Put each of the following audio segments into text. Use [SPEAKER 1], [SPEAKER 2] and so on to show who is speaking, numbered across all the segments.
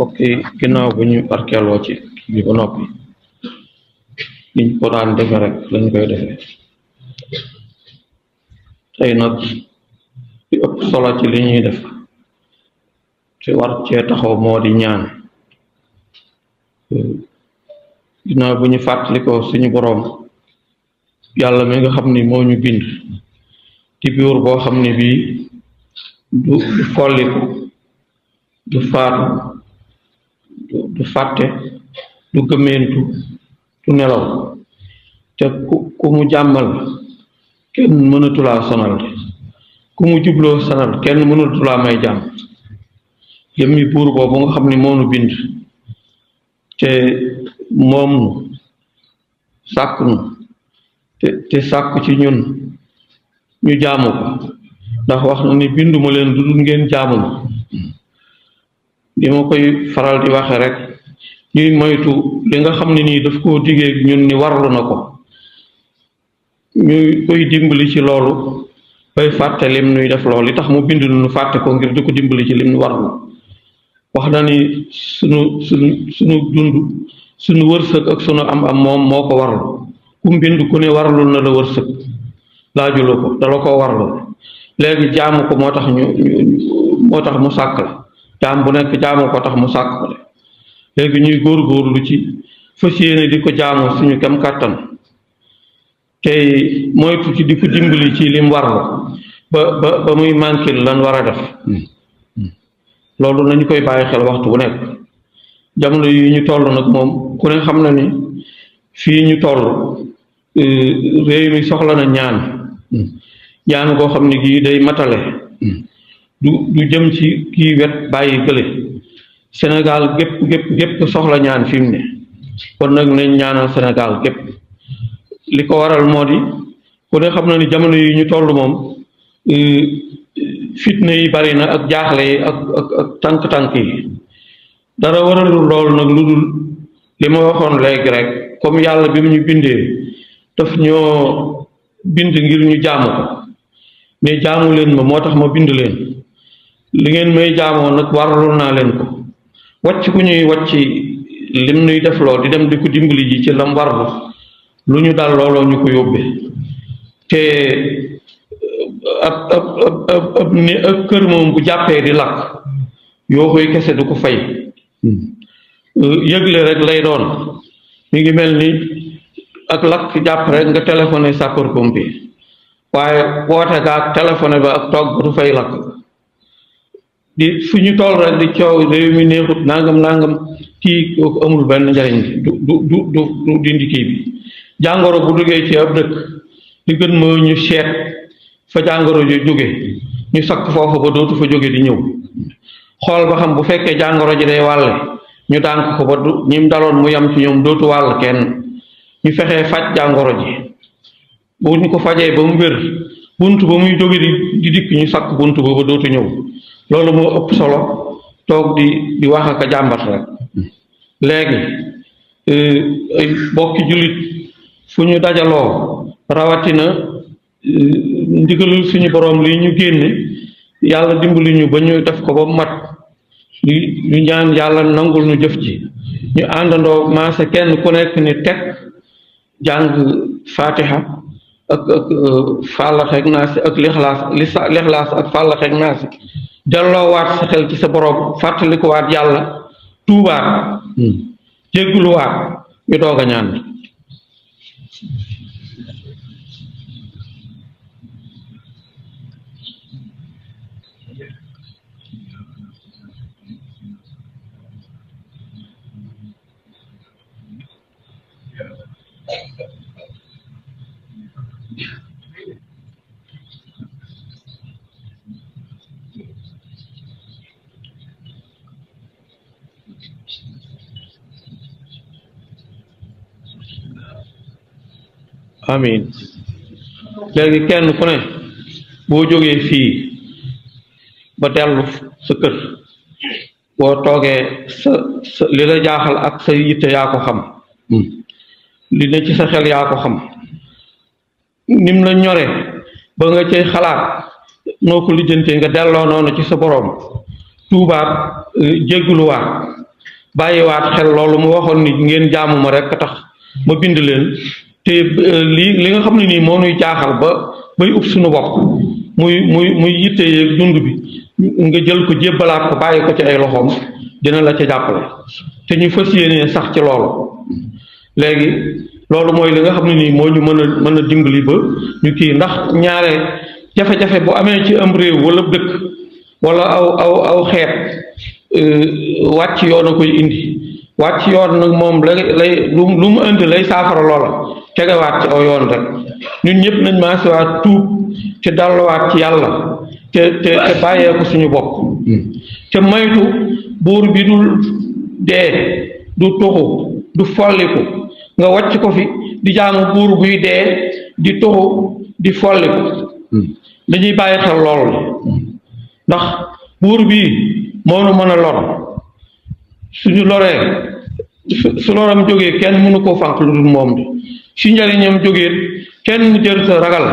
[SPEAKER 1] Ok, que não ñu archéologie bi ba noppi niñ ko daan defe rek lañ koy defe tey nag li ëpp solo ci li ñuy def te war cee taxaw moo di ñaan ginnaaw bu ñu fàttalikoo suñu boroom yàlla mi nga xam ni moo ñu bind di biir boo xam ne bii du du folliku du faatu du fàtte ya. du gëmmeentu du nelaw te ku ku mu jàmmal kenn mënatulaa sonal ku mu jubloo sonal kenn mënatulaa may jàmm jëmmi buur boobu nga xam ni moonu bind te moom nu sàkk te te ci ñun ñu jaamu ko ndax wax na ni binduma leen du dul ngeen jaamu ma koy faral di waxe rek ñuy moytu li nga xam ne nii daf koo digee ñun ni warlu na ko ñuy koy dimbali ci loolu koy fàtte lim nuy def loolu tax mu bind nu fàtte ko ngir di ko dimbali ci lim nu warlu wax na ni sunu sunu sunu dund sunu wërsëg ak sunu am am moom moo ko warlu ku bind ku ne warlu na la wërsëg laajula ko la ko warlu léegi jaamu ko moo tax ñu moo tax mu sàkk la jaam bu nekk jaamu ko tax mu sàkk ko léegi ñuy góor góorgóorlu ci fas yéene di ko jaamu suñu kam kàttan tey moytu ci di ko dimbali ci lim warlu ba ba ba muy manqué lan war a def loolu nañu koy bàyyi xel waxtu wu nekk jamono yi ñu toll nag moom ku ne xam na ni fii ñu toll euh, réew mi soxla na ñaan ñaan koo xam ne gii day matale du du jëm ci kii wet bàyyi gële Sénégal gépp gépp gépp soxla ñaan fi ne kon nag nañ ñaanal Sénégal gépp li ko waral moo di ne xam na ni jamono yi ñu toll moom euh, fitna yi bari na ak jaaxle yi ak ak ak tànk-tànk yi dara waralul lool nag lu dul li ma waxoon léegi rek comme yàlla bi mu ñu bindee daf ñoo bind ngir ñu jaamu ko mais jaamu leen ma moo tax ma bind leen li ngeen may jaamoo nag waralul naa leen ko wàcc ku ñuy wàcc lim nuy defloo di dem di ko dimbali ci lam war lu ñu daal looloo ñu ko yóbbee te ab ab ab ni ab kër moom bu jàppee di lakk yoo koy kese du ko fay hmm. euh, yëgle rek lay doon mi ngi mel ni ak lakk jàpp rek nga téléphoné sapeur pompier waaye woote ga ak téléphoné bi ak toog du fay lakk di fu ñu tool rek di coow réew mi neexut nangam nangam kii amul benn njariñ du du du bi jàngoro bu duggee ci ab dëkk li gën mooy ñu seet fa jàngoro ji jóge ñu sakk foofu ba dootu fa jóge di ñëw xool ba xam bu fekkee jàngoro ji day wàlle ñu dànk ko du ñim daloon mu yam ci ñoom dootu wàll kenn ñu fexee faj jàngoro ji bu ñu ko fajee ba mu wér bunt ba muy jóge di di dikk ñu sakk bunt ba ba dootu ñëw lolu mo upp solo tok di di wax ak jambar rek legi euh bokki julit fuñu dajalo rawati na euh, ndigalul suñu borom li ñu genn yalla dimbali ñu ba ñu def ko ba mat ñu ñaan yalla nangul ñu jëf ci ñu ma sa kenn ku nekk ni tek jang fatiha ak ak euh, ak nas ak ikhlas li ak falakh ak nas delloowaat sa xel ci sa boroom waat yàlla tuubaat hmm. jégguluwaat ñu doog a ñaan amiin léegi kenn ku ne boo jógee fii ba dellu sa kër boo toogee sa sa li la jaaxal ak sa yitte yaa xam hmm. li ne ci sa xel yaa ko nim la ñore ba nga cay xalaat noo ko lijjantee nga delloo noonu ci sa boroom tuubaat eh, jégguluwaat bàyyiwaat xel loolu mu waxoon ni ngeen jaamu ma a tax ma bind leen te euh, lii li nga xam ne nii moo nuy jaaxal ba bay ub sunu bopp muy muy muy yitte dund bi nga jël ko jébbalaat ko bàyyi ko ci ay loxoom dina la ca jàppale te ñu fas yéenee sax ci loolu léegi loolu mooy li nga xam ne nii moo ñu mën a mën a dimbali ba ñu kii ndax ñaare jafe-jafe bu amee ci am réew wala dëkk wala aw aw aw xeet euh, wàcc yoon a koy indi wàcc yoon nag moom la lay lu mu indi lay saafara loola tegewaat ci aw yoon rek ñun ñëpp nañ maasiwaat tuub te dalluwaat ci yàlla te te bàyyeeku suñu bopp hmm. te maytu buur bi dul dee du tuxu du folliku nga wàcc ko fi di jaamu buur buy dee di tuxu di folliku hmm. dañuy bàyyi xel loolu hmm. ndax buur bii moo nu mën a lor suñu loré su loram jógee kenn mënu ko fank lu moom su njariñam jógee kenn jër sa ragal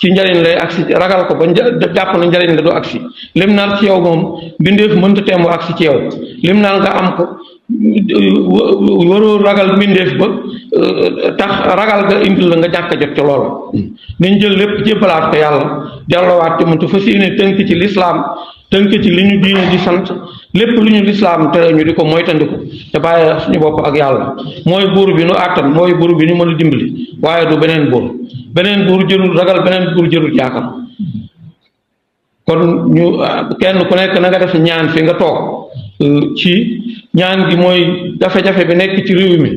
[SPEAKER 1] ci ñariñ lay aksi ragal ko ba japp na ñariñ la do aksi lim naan ci yow mom bindeef mënta teemu aksi ci yow lim naan nga am ko woro ragal bindef ba euh, tax ragal ga indi la nga jakk jot ci loolu nañ jël ci place ko yàlla delloowaat ci mënta fas yéene tënk ci l'islam tënk ci liñu diine di sant lépp lu ñu lislaam tere ñu di ko moytandiku te bàyyi suñu bopp ak yàlla mooy buur bi nu àttan mooy buur bi nu mën a dimbali waaye du beneen buur beneen buur jërul ragal beneen buur jërul jaakam kon ñu kenn ku nekk na def ñaan fi nga toog ci ñaan gi mooy jafe-jafe bi nekk ci réew mi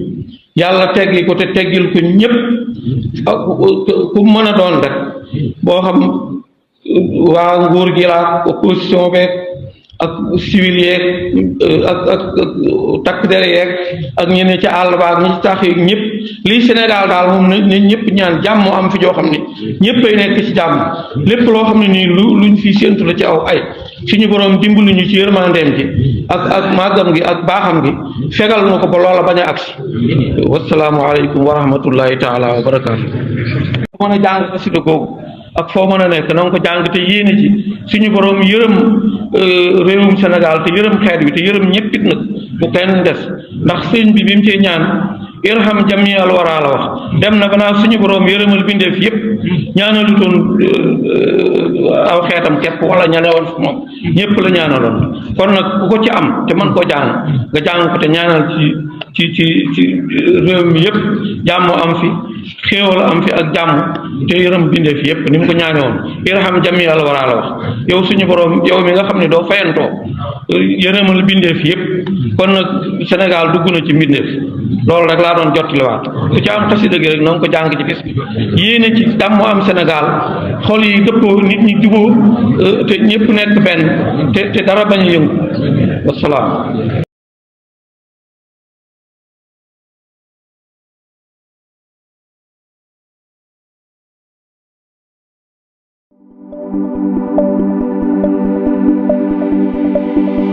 [SPEAKER 1] yàlla teggi ko te teggil ko ñëpp ku mën a doon rek boo xam waa nguur gi opposition beeg ak civil yeeg euh, ak ak takk der yeeg ak ñene ci alba ba ak ñi tax yeeg ñëpp lii Sénégal daal moom na ñëpp ñaan jàmm am fi joo xam ne ñëppay ci jàmm lépp lo xam ne lu luñ fi séntu la ci aw ay suñu borom dimbali ñu ci yërmandeem gi ak ak màggam gi ak baaxam gi fegal na ba loola bañ a agsi wasalaamu wa rahmatullahi taala wa barakaatu mën a jàng xasida googu ak foo mën a nekk na nga ko jàng te yéene ci suñu borom yërëm euh, réewum Sénégal te yërëm xeet bi te yërëm ñëppit nag bu kenn des ndax sëñ bi bi mu cee ñaan irham jami al wara la wax dem na banaa suñu borom yërëmal bindeef yëpp ñaanalutoon euh, aw xeetam képp wala ñanewoon moom ñëpp la ñaanaloon kon nag ku ko ci am te mën koo jàng nga jàng ko te ñaanal ci ci ci ci réew mi yëpp jàmm am fi xéewal am fi ak jàmm te yërëm bindeef yépp ni mu ko ñaane woon irham jami al waraa la wax yow suñu borom yow mi nga xam ne doo fayantoo yërëmal bindeef yépp kon nag Sénégal dugg na ci mbindeef loolu rek laa doon jottaliwaat ku ci am xasida gi rek noonu ko jàng ci bis bi yéene ci jàmm am Sénégal xol yi dëppoo nit ñi juboo euh, te ñëpp nekk benn te te dara bañ a yëngu wasalaam Thank you.